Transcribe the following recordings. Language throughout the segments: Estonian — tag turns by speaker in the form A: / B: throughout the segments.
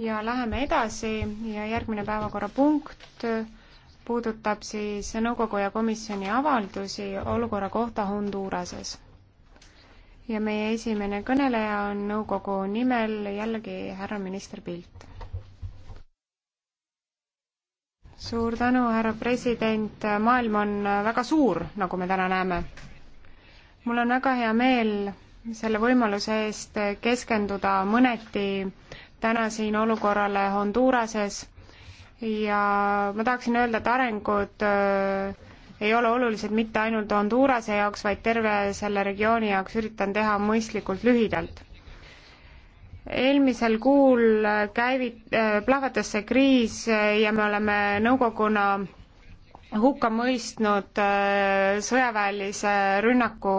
A: ja läheme edasi ja järgmine päevakorrapunkt puudutab siis nõukogu ja komisjoni avaldusi olukorra kohta Honduras'es. ja meie esimene kõneleja on nõukogu nimel jällegi härra minister Pilt. suur tänu, härra president, maailm on väga suur, nagu me täna näeme. mul on väga hea meel selle võimaluse eest keskenduda mõneti täna siin olukorrale Honduras'es ja ma tahaksin öelda, et arengud äh, ei ole olulised mitte ainult Hondurase jaoks, vaid terve selle regiooni jaoks, üritan teha mõistlikult lühidalt eelmisel kuul käivit- äh,, plahvatas see kriis ja me oleme nõukoguna hukka mõistnud äh, sõjaväelise rünnaku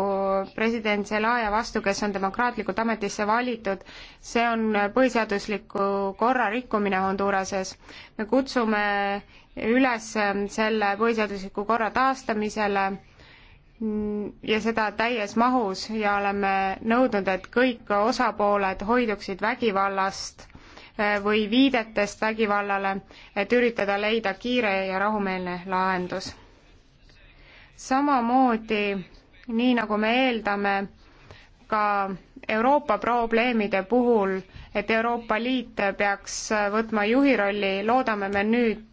A: president Zelaya vastu, kes on demokraatlikult ametisse valitud. see on põhiseadusliku korra rikkumine Honduras'es. me kutsume üles ähm, selle põhiseadusliku korra taastamisele mm, ja seda täies mahus ja oleme nõudnud, et kõik osapooled hoiduksid vägivallast Eh, või viidetest vägivallale, et üritada leida kiire ja rahumeelne lahendus. samamoodi, nii nagu me eeldame, ka Euroopa probleemide puhul, et Euroopa Liit peaks võtma juhi rolli, loodame me nüüd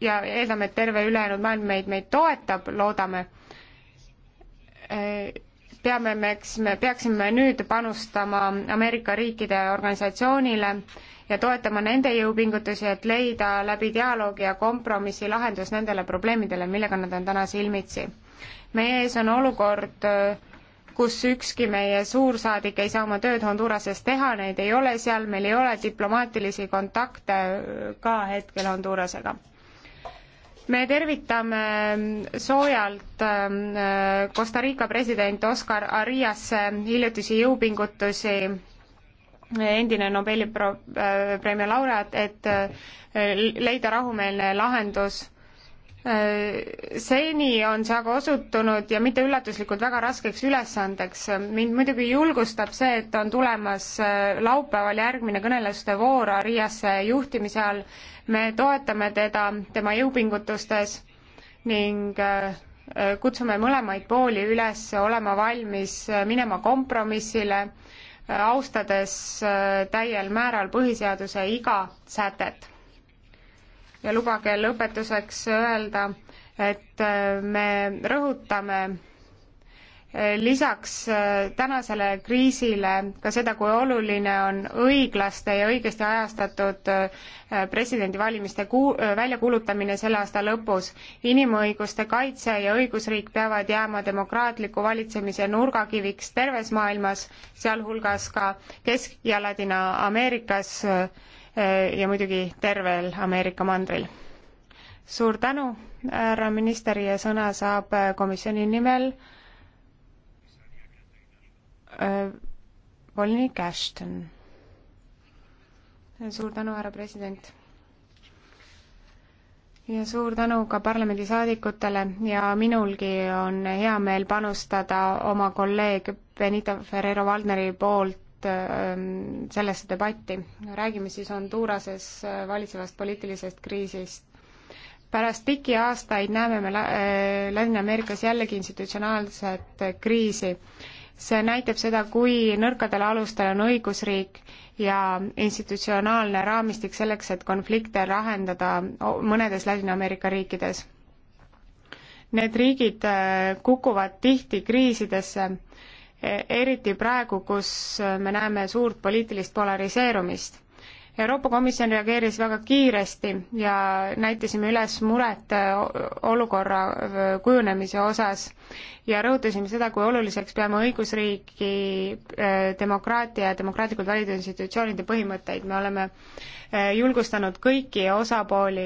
A: ja eeldame, et terve ülejäänud maailm meid, meid toetab, loodame, eh, peame me, eks me peaksime nüüd panustama Ameerika riikide organisatsioonile ja toetama nende jõupingutusi, et leida läbi dialoogi ja kompromissi lahendus nendele probleemidele, millega nad on täna silmitsi. meie ees on olukord, kus ükski meie suursaadik ei saa oma tööd Honduras'es teha, neid ei ole seal, meil ei ole diplomaatilisi kontakte ka hetkel Hondurasega. me tervitame soojalt ähm, Costa Rica president Oscar Ariase hiljutisi jõupingutusi endine Nobeli pro-, äh, preemia laureaat, et äh, leida rahumeelne lahendus. Äh, seni on see aga osutunud ja mitte üllatuslikult väga raskeks ülesandeks. mind muidugi julgustab see, et on tulemas laupäeval järgmine kõneluste voor Riiasse juhtimise all. me toetame teda tema jõupingutustes ning kutsume mõlemaid pooli üles olema valmis minema kompromissile austades äh, täiel määral põhiseaduse iga sätet. ja lubage lõpetuseks öelda, et äh, me rõhutame Eh, lisaks eh, tänasele kriisile ka seda, kui oluline on õiglaste ja õigesti ajastatud eh, presidendivalimiste ku-, väljakuulutamine selle aasta lõpus. inimõiguste kaitse ja õigusriik peavad jääma demokraatliku valitsemise nurgakiviks terves maailmas, sealhulgas ka Kesk- ja Ladina-Ameerikas ja muidugi tervel Ameerika mandril suur tänu, härra minister ja sõna saab komisjoni nimel Äh, volinik Ashton. suur tänu, härra president ja suur tänu ka parlamendisaadikutele ja minulgi on hea meel panustada oma kolleeg Benita Ferrero Valdneri poolt ähm, sellesse debatti. räägime siis Honduras'es äh, valitsevast poliitilisest kriisist. pärast pikki aastaid näeme me äh, Ladina-Ameerikas jällegi institutsionaalset kriisi see näitab seda, kui nõrkadel alustel on õigusriik ja institutsionaalne raamistik selleks, et konflikte lahendada mõnedes Ladina-Ameerika riikides. Need riigid äh, kukuvad tihti kriisidesse, e-, eriti praegu, kus me näeme suurt poliitilist polariseerumist Euroopa Komisjon reageeris väga kiiresti ja näitasime üles muret äh, olukorra äh, kujunemise osas ja rõhutasime seda, kui oluliseks peame õigusriiki, äh, demokraatia ja demokraatlikult valitud institutsioonide põhimõtteid, me oleme julgustanud kõiki osapooli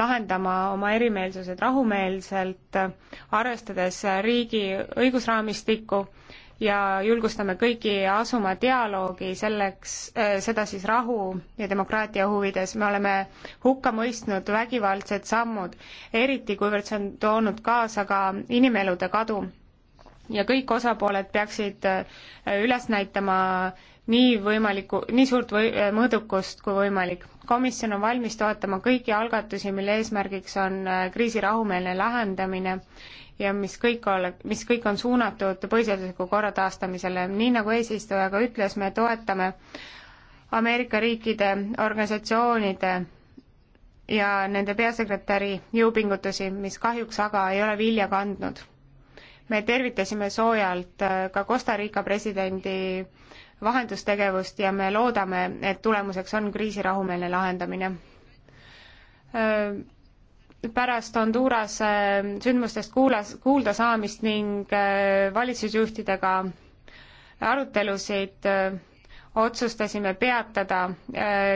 A: lahendama oma erimeelsused rahumeelselt, arvestades riigi õigusraamistikku ja julgustame kõiki asuma dialoogi selleks, äh, seda siis rahu ja demokraatia huvides. me oleme hukka mõistnud vägivaldsed sammud, eriti kuivõrd see on toonud kaasa ka inimelude kadu. ja kõik osapooled peaksid äh, üles näitama nii võimaliku, nii suurt või, eh, mõõdukust kui võimalik. komisjon on valmis toetama kõiki algatusi, mille eesmärgiks on eh, kriisi rahumeelne lahendamine ja mis kõik ole, mis kõik on suunatud põhiseadusliku korra taastamisele. nii nagu eesistuja ka ütles, me toetame Ameerika riikide organisatsioonide ja nende peasekretäri jõupingutusi, mis kahjuks aga ei ole vilja kandnud. me tervitasime soojalt eh, ka Costa Rica presidendi vahendustegevust ja me loodame, et tulemuseks on kriisi rahumeelne lahendamine. pärast Honduras sündmustest kuulas, kuulda saamist ning valitsusjuhtidega arutelusid otsustasime peatada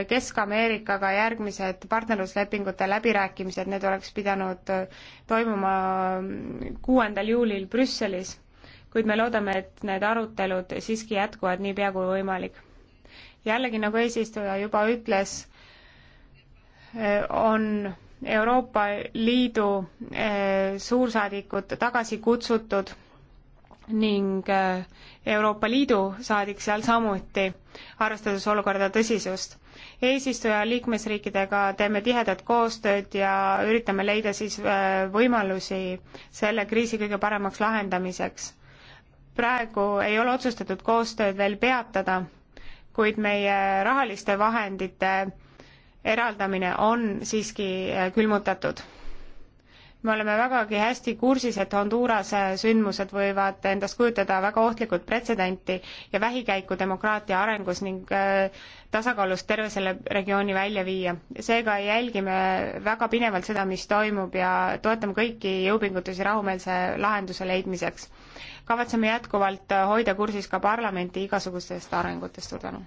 A: Kesk-Ameerikaga järgmised partnerluslepingute läbirääkimised, need oleks pidanud toimuma kuuendal juulil Brüsselis kuid me loodame, et need arutelud siiski jätkuvad niipea kui võimalik. jällegi, nagu eesistuja juba ütles, on Euroopa Liidu eh, suursaadikud tagasi kutsutud ning eh, Euroopa Liidu saadik seal samuti, arvestades olukorda tõsisust. eesistuja liikmesriikidega teeme tihedat koostööd ja üritame leida siis eh, võimalusi selle kriisi kõige paremaks lahendamiseks praegu ei ole otsustatud koostööd veel peatada, kuid meie rahaliste vahendite eraldamine on siiski äh, külmutatud. me oleme vägagi hästi kursis, et Honduras sündmused võivad endast kujutada väga ohtlikut pretsedenti ja vähikäiku demokraatia arengus ning äh, tasakaalust terve selle regiooni välja viia. seega jälgime väga pinevalt seda, mis toimub ja toetame kõiki jõupingutusi rahumeelse lahenduse leidmiseks kavatseme jätkuvalt äh, hoida kursis ka parlamenti igasugustest arengutest, suur tänu.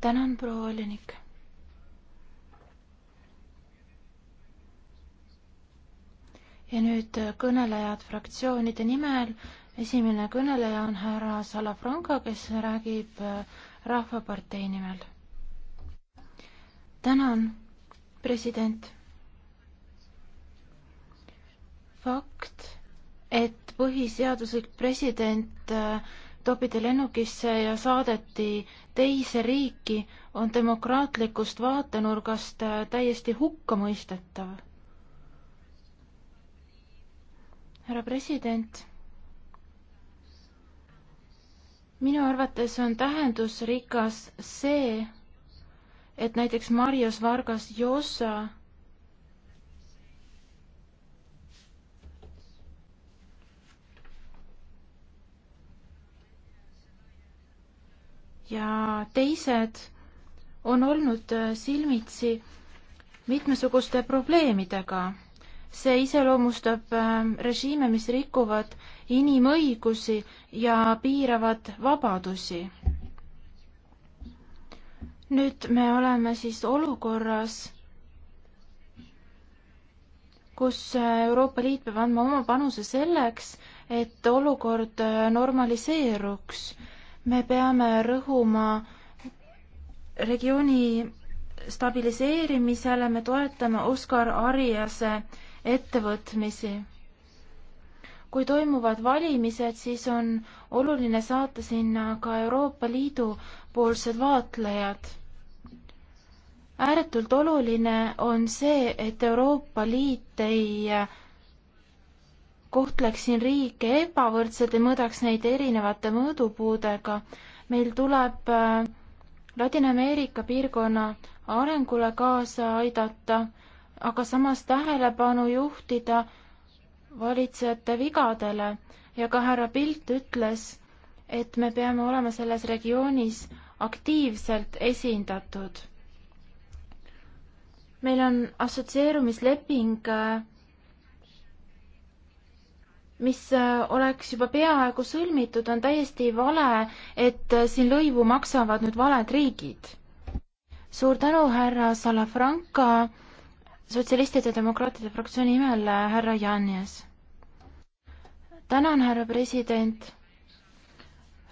B: tänan, proua volinik. ja nüüd äh, kõnelejad fraktsioonide nimel. esimene kõneleja on härra Salafranco, kes räägib äh, Rahvapartei nimel. tänan, president fakt, et põhiseaduslik president äh, topiti lennukisse ja saadeti teise riiki, on demokraatlikust vaatenurgast äh, täiesti hukkamõistetav. härra president, minu arvates on tähendusrikas see, et näiteks Marius Vargas Llosa ja teised on olnud äh, silmitsi mitmesuguste probleemidega. see iseloomustab ähm, režiime, mis rikuvad inimõigusi ja piiravad vabadusi. nüüd me oleme siis olukorras, kus äh, Euroopa Liit peab andma oma panuse selleks, et olukord äh, normaliseeruks me peame rõhuma regiooni stabiliseerimisele, me toetame Oskar Ariase ettevõtmisi. kui toimuvad valimised, siis on oluline saata sinna ka Euroopa Liidu poolsed vaatlejad. ääretult oluline on see, et Euroopa Liit ei äh, kohtleksin riike ebavõrdselt, ei mõõdaks neid erinevate mõõdupuudega. meil tuleb äh, Ladina-Ameerika piirkonna arengule kaasa aidata, aga samas tähelepanu juhtida valitsejate vigadele ja ka härra Pilt ütles, et me peame olema selles regioonis aktiivselt esindatud. meil on assotsieerumisleping äh, mis äh, oleks juba peaaegu sõlmitud, on täiesti vale, et äh, siin lõivu maksavad nüüd valed riigid. suur tänu, härra Salafranca, sotsialistide ja demokraatide fraktsiooni nimel äh, härra Janjes. tänan, härra president.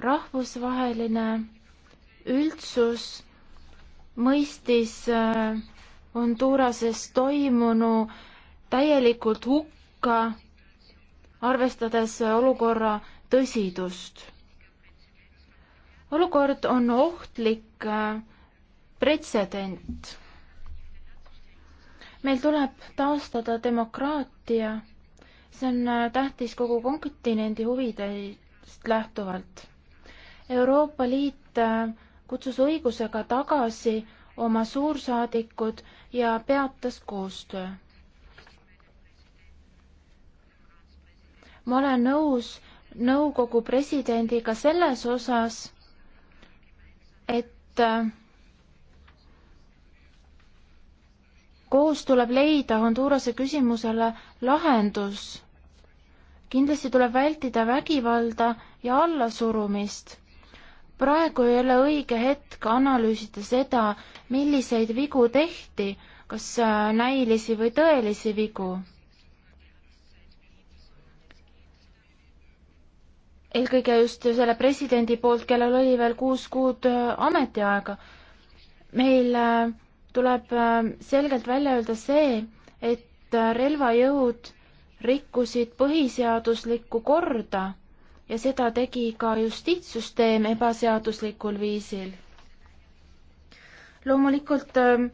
B: rahvusvaheline üldsus mõistis Honduras'es toimunu täielikult hukka arvestades olukorra tõsidust. olukord on ohtlik äh, pretsedent. meil tuleb taastada demokraatia, see on äh, tähtis kogu kontinendi huvidest lähtuvalt. Euroopa Liit äh, kutsus õigusega tagasi oma suursaadikud ja peatas koostöö ma olen nõus nõukogu presidendiga selles osas, et äh, koos tuleb leida Hondurase küsimusele lahendus. kindlasti tuleb vältida vägivalda ja allasurumist. praegu ei ole õige hetk analüüsida seda, milliseid vigu tehti, kas äh, näilisi või tõelisi vigu eelkõige just selle presidendi poolt, kellel oli veel kuus kuud äh, ametiaega. meil äh, tuleb äh, selgelt välja öelda see, et relvajõud rikkusid põhiseaduslikku korda ja seda tegi ka justiitssüsteem ebaseaduslikul viisil. loomulikult ähm,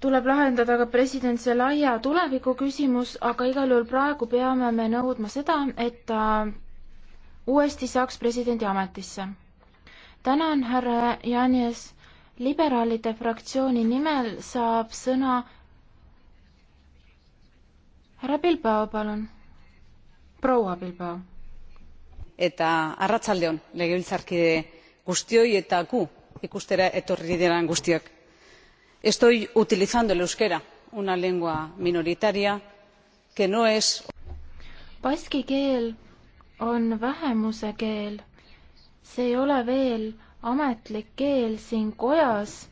B: tuleb lahendada ka president Zelaya tuleviku küsimus, aga igal juhul praegu peame me nõudma seda, et ta uuesti saaks presidendi ametisse. tänan, härra Janjes. liberaalide fraktsiooni nimel saab sõna härra Bilbao, palun. proua Bilbao.
C: eta arratsalde on legebiltzarkide guztioi eta gu ikustera etorri diren guztiak. estoy utilizando el euskera
B: una lengua minoritaria que no es baski keel on vähemuse keel. see ei ole veel ametlik keel siin kojas.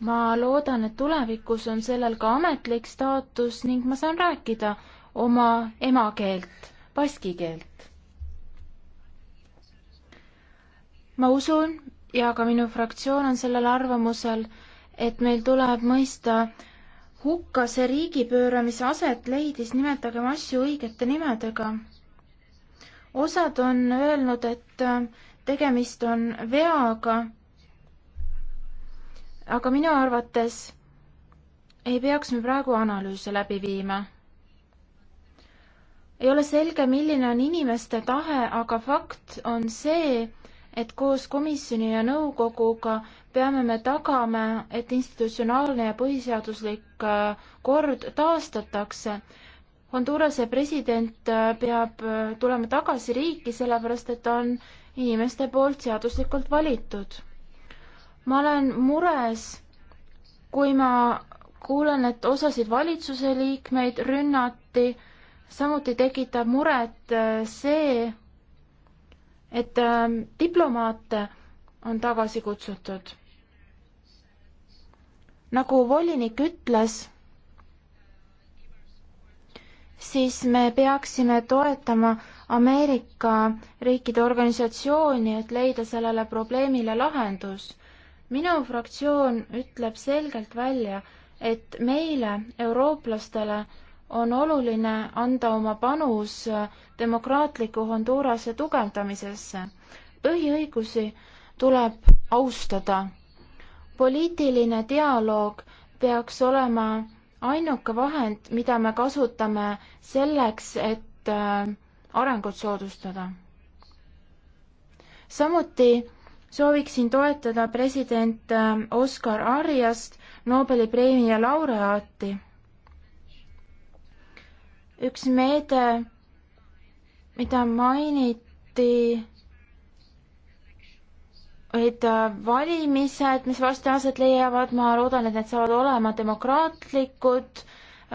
B: ma loodan, et tulevikus on sellel ka ametlik staatus ning ma saan rääkida oma emakeelt, baski keelt. ma usun ja ka minu fraktsioon on sellel arvamusel, et meil tuleb mõista hukka see riigipööre, mis aset leidis, nimetagem asju õigete nimedega osad on öelnud, et äh, tegemist on veaga, aga minu arvates ei peaks me praegu analüüse läbi viima. ei ole selge, milline on inimeste tahe, aga fakt on see, et koos komisjoni ja nõukoguga peame me tagama, et institutsionaalne ja põhiseaduslik äh, kord taastatakse Hondurase president äh, peab äh, tulema tagasi riiki, sellepärast et ta on inimeste poolt seaduslikult valitud. ma olen mures, kui ma kuulen, et osasid valitsuse liikmeid rünnati, samuti tekitab muret äh, see, et ähm, diplomaate on tagasi kutsutud. nagu volinik ütles siis me peaksime toetama Ameerika riikide organisatsiooni, et leida sellele probleemile lahendus. minu fraktsioon ütleb selgelt välja, et meile, eurooplastele, on oluline anda oma panus demokraatliku Hondurase tugevdamisesse. põhiõigusi tuleb austada. poliitiline dialoog peaks olema ainuke vahend, mida me kasutame selleks, et äh, arengut soodustada. samuti sooviksin toetada president äh, Oskar Ariast, Nobeli preemia laureaati. üks meede, mida mainiti olid äh, valimised, mis varsti aset leiavad, ma loodan, et need saavad olema demokraatlikud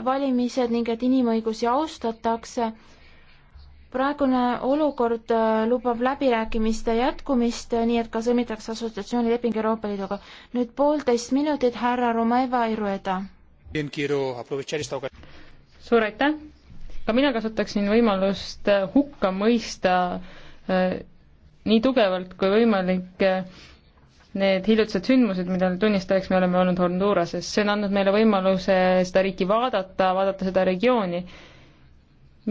B: valimised ning et inimõigusi austatakse. praegune olukord äh, lubab läbirääkimiste jätkumist, äh, nii et ka sõlmitakse assotsiatsioonileping Euroopa Liiduga. nüüd poolteist minutit, härra Romeva Irueda.
C: suur aitäh! ka mina kasutaksin võimalust hukka mõista nii tugevalt kui võimalik eh, need hiljutised sündmused, mida tunnistajaks me oleme olnud Honduras'es, see on andnud meile võimaluse seda riiki vaadata, vaadata seda regiooni.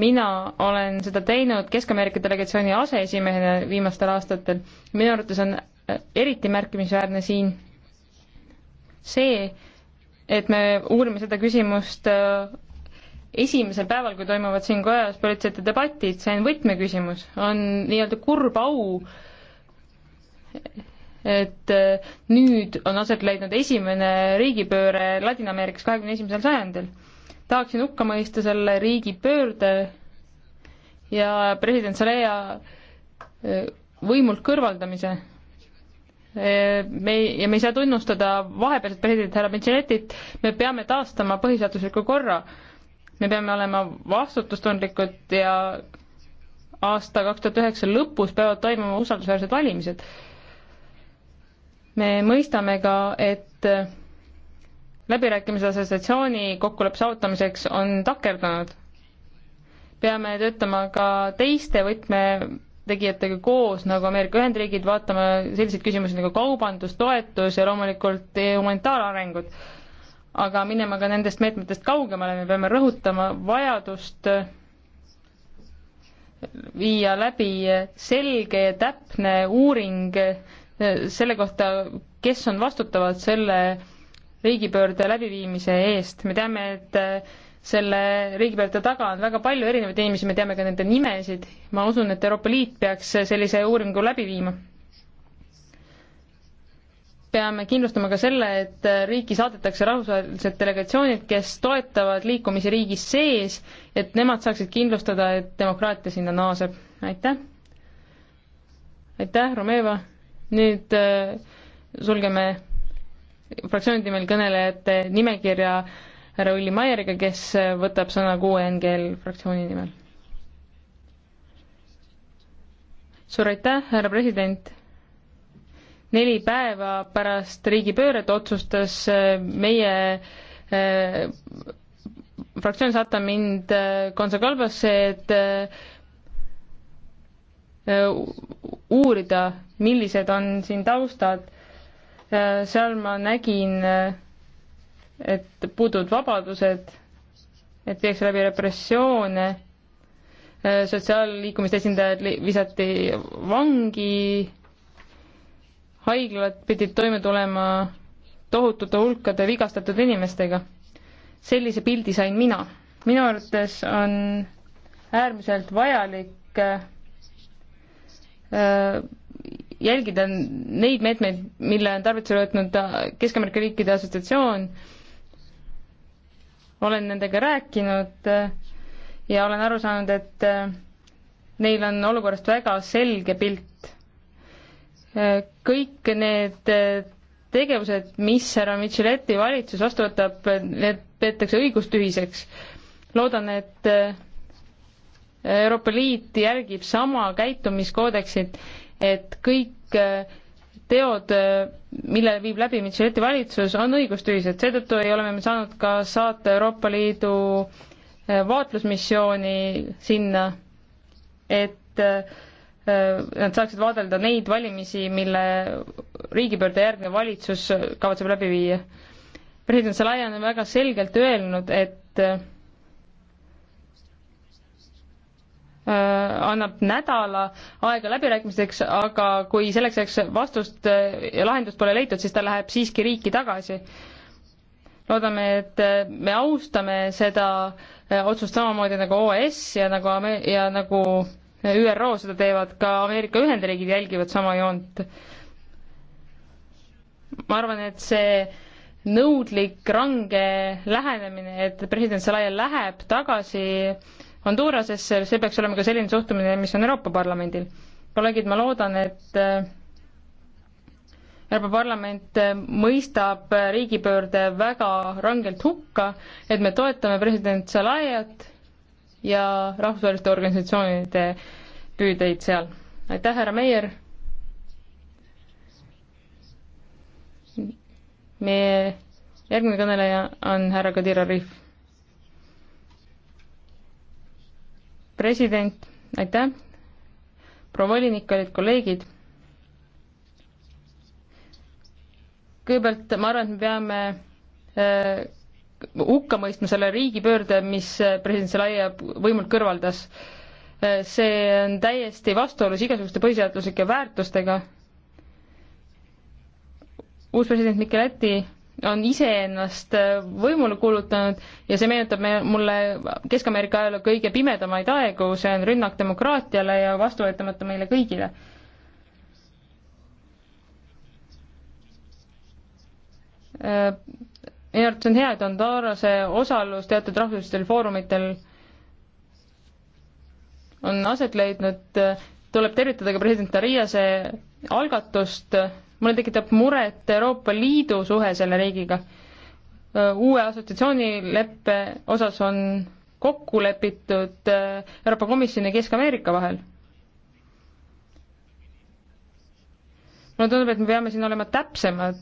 C: mina olen seda teinud Kesk-Ameerika delegatsiooni aseesimehena viimastel aastatel, minu arvates on eh, eriti märkimisväärne siin see, et me uurime seda küsimust eh, esimesel päeval, kui toimuvad siin kojas poliitilised debatid, see on võtmeküsimus, on nii-öelda kurb au, et äh, nüüd on aset leidnud esimene riigipööre Ladina-Ameerikas kahekümne esimesel sajandil. tahaksin hukka mõista selle riigipöörde ja president Zaleja äh, võimult kõrvaldamise me ei, ja me ei saa tunnustada vahepealset presidenti härra Michelettit, me peame taastama põhiseadusliku korra me peame olema vastutustundlikud ja aasta kaks tuhat üheksa lõpus peavad toimuma usaldusväärsed valimised. me mõistame ka, et läbirääkimised assotsiatsiooni kokkuleppe saavutamiseks on takerdunud. peame töötama ka teiste võtmetegijatega koos, nagu Ameerika Ühendriigid, vaatame selliseid küsimusi nagu kaubandus, toetus ja loomulikult humanitaararengud aga minema ka nendest meetmetest kaugemale, me peame rõhutama vajadust viia läbi selge ja täpne uuring selle kohta, kes on vastutavad selle riigipöörde läbiviimise eest, me teame, et selle riigipöörde taga on väga palju erinevaid inimesi, me teame ka nende nimesid, ma usun, et Euroopa Liit peaks sellise uuringu läbi viima peame kindlustama ka selle, et riiki saadetakse rahvusvahelised delegatsioonid, kes toetavad liikumisi riigis sees, et nemad saaksid kindlustada, et demokraatia sinna naaseb. aitäh! aitäh, Romeva! nüüd äh, sulgeme fraktsioonide nimel kõnelejate nimekirja härra Ulli Maieriga, kes võtab sõna QNGL fraktsiooni nimel. suur aitäh, härra president! neli päeva pärast riigipööret otsustas äh, meie äh, fraktsioon saata mind äh, Gonzagalbasse, et äh, äh, uurida, millised on siin taustad. Äh, seal ma nägin, et puuduvad vabadused, et viiakse läbi repressioone sotsiaalliikumiste esindajad visati vangi haiglad pidid toime tulema tohutute hulkade vigastatud inimestega. sellise pildi sain mina. minu arvates on äärmiselt vajalik äh, jälgida neid meetmeid, mille on tarvitusele võtnud äh, Kesk-Ameerika riikide assotsiatsioon, olen nendega rääkinud äh, ja olen aru saanud, et äh, neil on olukorrast väga selge pilt kõik need äh, tegevused, mis härra Micheletti valitsus vastu võtab, need peetakse õigustühiseks. loodan, et äh, Euroopa Liit järgib sama käitumiskoodeksit, et kõik äh, teod, mille viib läbi Micheletti valitsus, on õigustühised, seetõttu ei ole me saanud ka saata Euroopa Liidu vaatlusmissiooni sinna, et äh, nad saaksid vaadelda neid valimisi, mille riigipöörde järgne valitsus kavatseb läbi viia. president Zelajan on väga selgelt öelnud, et äh, annab nädala aega läbirääkimisteks, aga kui selleks ajaks vastust äh, ja lahendust pole leitud, siis ta läheb siiski riiki tagasi. loodame, et äh, me austame seda otsust samamoodi nagu OAS ja nagu, ja nagu ÜRO seda teevad, ka Ameerika Ühendriigid jälgivad sama joont. ma arvan, et see nõudlik, range lähenemine, et president Zelaya läheb tagasi Hondurasesse, see peaks olema ka selline suhtumine, mis on Euroopa Parlamendil. kolleegid, ma loodan, et äh, Euroopa Parlament äh, mõistab riigipöörde väga rangelt hukka, et me toetame president Zelajat ja rahvusvaheliste organisatsioonide püüdeid seal. aitäh, härra Meier! meie järgmine kõneleja on härra Kadir Arif. president, aitäh! proua volinik, kallid kolleegid! kõigepealt ma arvan, et me peame äh, hukkamõistmisele riigipöörde, mis president Zelaya võimult kõrvaldas. see on täiesti vastuolus igasuguste põhiseaduslike väärtustega. uus president Mikeleti on iseennast võimule kuulutanud ja see meenutab mulle Kesk-Ameerika ajaloo kõige pimedamaid aegu, see on rünnak demokraatiale ja vastuvõetamata meile kõigile minu arvates on hea, et Hondurase osalus teatud rahvusvahelistel foorumitel on aset leidnud, tuleb tervitada ka president Ariase algatust, mulle tekitab muret Euroopa Liidu suhe selle riigiga. uue assotsiatsioonileppe osas on kokku lepitud Euroopa Komisjoni ja Kesk-Ameerika vahel. mulle tundub, et me peame siin olema täpsemad,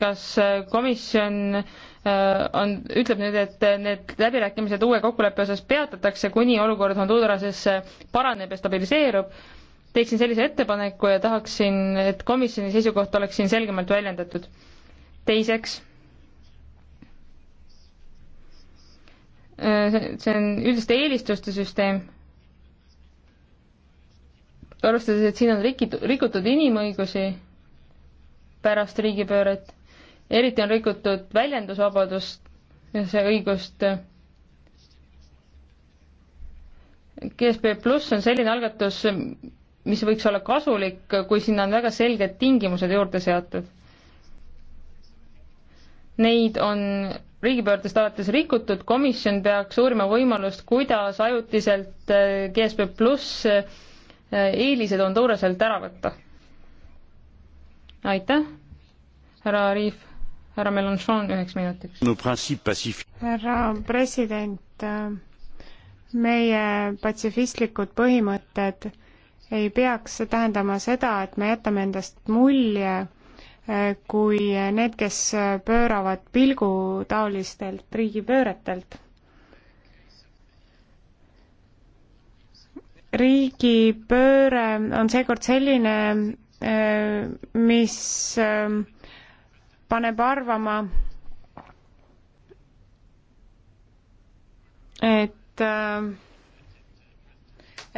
C: kas komisjon Äh, on, ütleb nüüd, et äh, need läbirääkimised uue kokkuleppe osas peatatakse, kuni olukord Honduras'es paraneb ja stabiliseerub. teeksin sellise ettepaneku ja tahaksin, et komisjoni seisukoht oleks siin selgemalt väljendatud. teiseks, äh, see on üldiste eelistuste süsteem, arvestades, et siin on rikitud, rikutud inimõigusi pärast riigipööret eriti on rikutud väljendusvabadust, see õigust. GSP pluss on selline algatus, mis võiks olla kasulik, kui sinna on väga selged tingimused juurde seatud. Neid on riigipöördest alates rikutud, komisjon peaks uurima võimalust, kuidas ajutiselt äh, GSP pluss äh, eelised Honduraselt ära võtta. aitäh, härra Ariif härra Melanchon üheks
A: minutiks. härra president, meie patsifistlikud põhimõtted ei peaks tähendama seda, et me jätame endast mulje, kui need, kes pööravad pilgu taolistelt riigipööretelt. riigipööre on seekord selline, mis paneb arvama, et äh,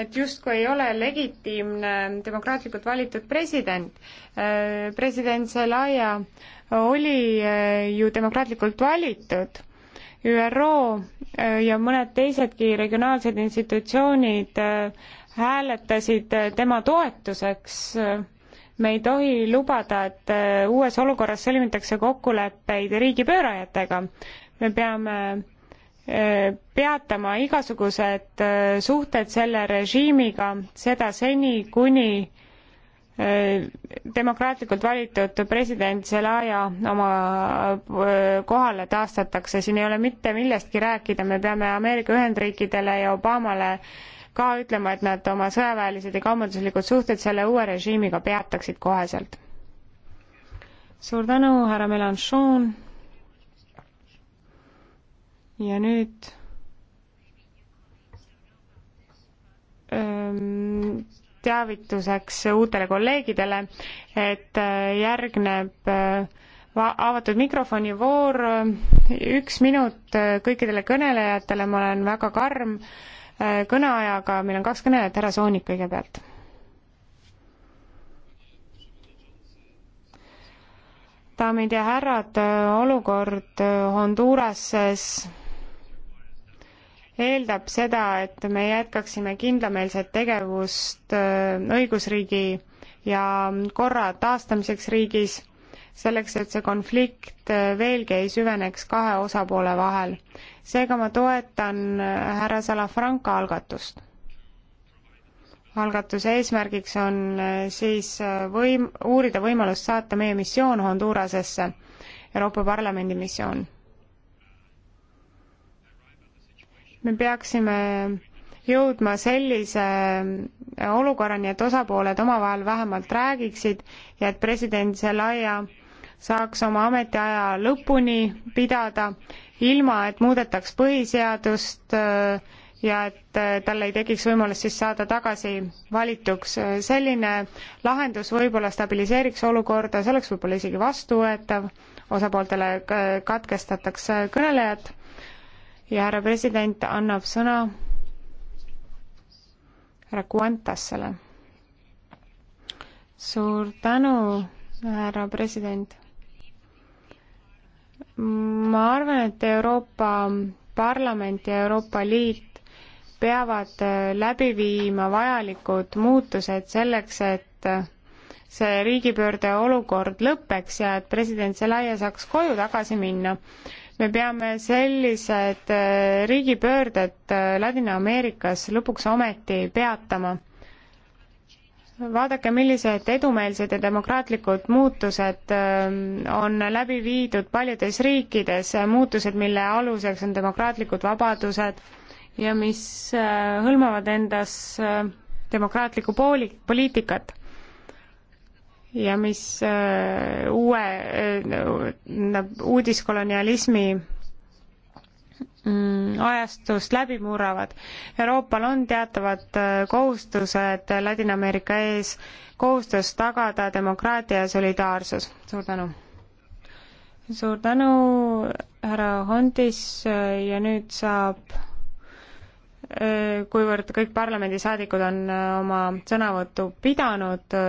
A: et justkui ei ole legitiimne demokraatlikult valitud president. Äh, president Zelaya oli äh, ju demokraatlikult valitud. ÜRO ja mõned teisedki regionaalsed institutsioonid hääletasid tema toetuseks äh, me ei tohi lubada, et äh, uues olukorras sõlmitakse kokkuleppeid riigipöörajatega. me peame äh, peatama igasugused äh, suhted selle režiimiga, seda seni, kuni demokraatlikult valitud president Zelaya oma kohale taastatakse, siin ei ole mitte millestki rääkida, me peame Ameerika Ühendriikidele ja Obamale äh, ka ütlema, et nad oma sõjaväelised ja kaubanduslikud suhted selle uue režiimiga peataksid koheselt. suur tänu, härra Melanchon. ja nüüd ähm, teavituseks uutele kolleegidele, et äh, järgneb äh, avatud mikrofoni voor, üks minut äh, kõikidele kõnelejatele, ma olen väga karm Äh, kõneajaga, meil on kaks kõnelejat, härra Soonik kõigepealt. daamid ja härrad, äh, olukord äh, Honduras'es eeldab seda, et me jätkaksime kindlameelset tegevust õigusriigi ja korra taastamiseks riigis selleks, et see konflikt äh, veelgi ei süveneks kahe osapoole vahel. seega ma toetan äh, härra Salafranca algatust. algatuse eesmärgiks on äh, siis võim-, uurida võimalust saata meie missioon Hondurasesse, Euroopa Parlamendi missioon. me peaksime jõudma sellise olukorrani, et osapooled omavahel vähemalt räägiksid ja et president Zelaya saaks oma ametiaja lõpuni pidada, ilma et muudetaks põhiseadust äh, ja et äh, tal ei tekiks võimalust siis saada tagasi valituks. Äh, selline lahendus võib-olla stabiliseeriks olukorda, see oleks võib-olla isegi vastuvõetav, osapooltele katkestatakse kõnelejad ja härra president annab sõna härra Guantassele. suur tänu, härra president ma arvan, et Euroopa Parlament ja Euroopa Liit peavad äh, läbi viima vajalikud muutused selleks, et äh, see riigipöörde olukord lõpeks ja et president Zelaya saaks koju tagasi minna. me peame sellised äh, riigipöörded Ladina-Ameerikas lõpuks ometi peatama vaadake, millised edumeelsed ja demokraatlikud muutused ähm, on läbi viidud paljudes riikides, äh, muutused, mille aluseks on demokraatlikud vabadused ja mis äh, hõlmavad endas äh, demokraatlikku pooli, poliitikat ja mis uue, nagu uudiskolonialismi Mm, ajastust läbi murravad. Euroopal on teatavad äh, kohustused Ladina-Ameerika ees, kohustus tagada demokraatia ja solidaarsus. suur tänu! suur tänu, härra Hondis äh, ja nüüd saab äh, kuivõrd kõik parlamendisaadikud on oma sõnavõttu pidanud,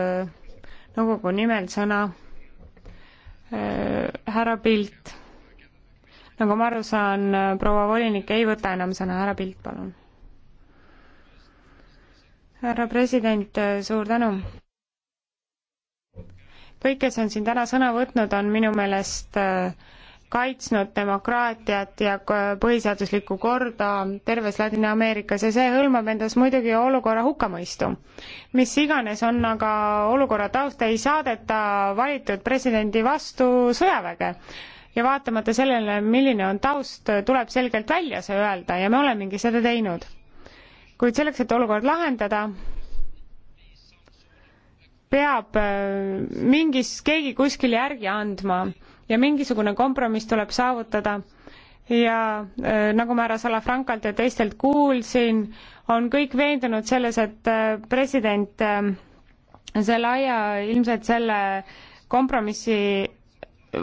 A: nõukogu nimel sõna härra Pilt nagu ma aru saan, proua volinik ei võta enam sõna, härra Pilt, palun. härra president, suur tänu! kõik, kes on siin täna sõna võtnud, on minu meelest äh, kaitsnud demokraatiat ja äh, põhiseaduslikku korda terves Ladina-Ameerikas ja see hõlmab endas muidugi olukorra hukkamõistu. mis iganes on aga olukorra taust, ei saadeta valitud presidendi vastu sõjaväge ja vaatamata sellele, milline on taust, tuleb selgelt välja see öelda ja me olemegi seda teinud. kuid selleks, et olukord lahendada, peab äh, mingis, keegi kuskil järgi andma ja mingisugune kompromiss tuleb saavutada ja äh, nagu ma härra Salafrankalt ja teistelt kuulsin, on kõik veendunud selles, et äh, president Zelaya ilmselt selle kompromissi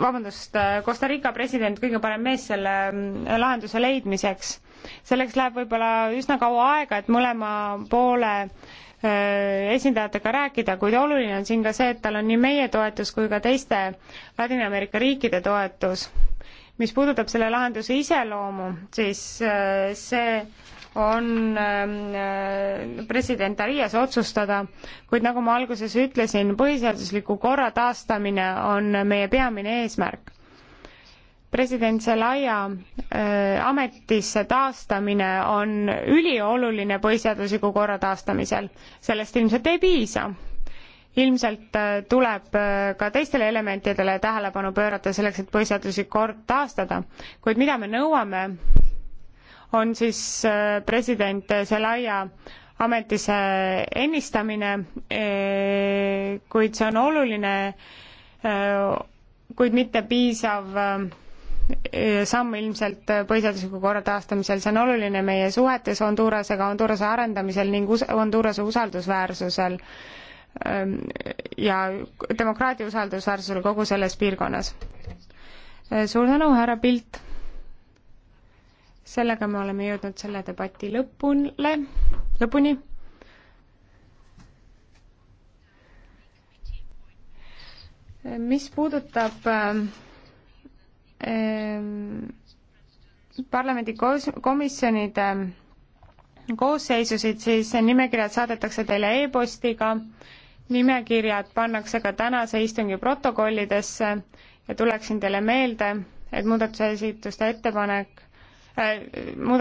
A: vabandust, Costa Rica president kõige parem mees selle äh, lahenduse leidmiseks. selleks läheb võib-olla üsna kaua aega, et mõlema poole äh, esindajatega rääkida, kuid oluline on siin ka see, et tal on nii meie toetus kui ka teiste Ladina-Ameerika riikide toetus. mis puudutab selle lahenduse iseloomu, siis äh, see on ähm, äh, president Arias otsustada, kuid nagu ma alguses ütlesin, põhiseadusliku korra taastamine on meie peamine eesmärk. president Zelaya äh, ametisse taastamine on ülioluline põhiseadusliku korra taastamisel, sellest ilmselt ei piisa ilmselt äh, tuleb ka teistele elementidele tähelepanu pöörata selleks, et põhiseaduslik kord taastada, kuid mida me nõuame on siis äh, president Zelaya ametisse ennistamine, äh, kuid see on oluline, äh, kuid mitte piisav samm ilmselt põhiseadusliku korra taastamisel, see on oluline meie suhetes Hondurasega, Hondurase arendamisel ning us-, Hondurase usaldusväärsusel ähm, ja demokraatia usaldusväärsusel kogu selles piirkonnas. suur tänu, härra Pilt! sellega me oleme jõudnud selle debati lõpule, lõpuni. mis puudutab ähm, ähm, parlamendi komisjonide ähm, koosseisusid, siis nimekirjad saadetakse teile e-postiga, nimekirjad pannakse ka tänase istungi protokollidesse ja tuleksin teile meelde, et muudatuse esituste ettepanek Äh, muudatus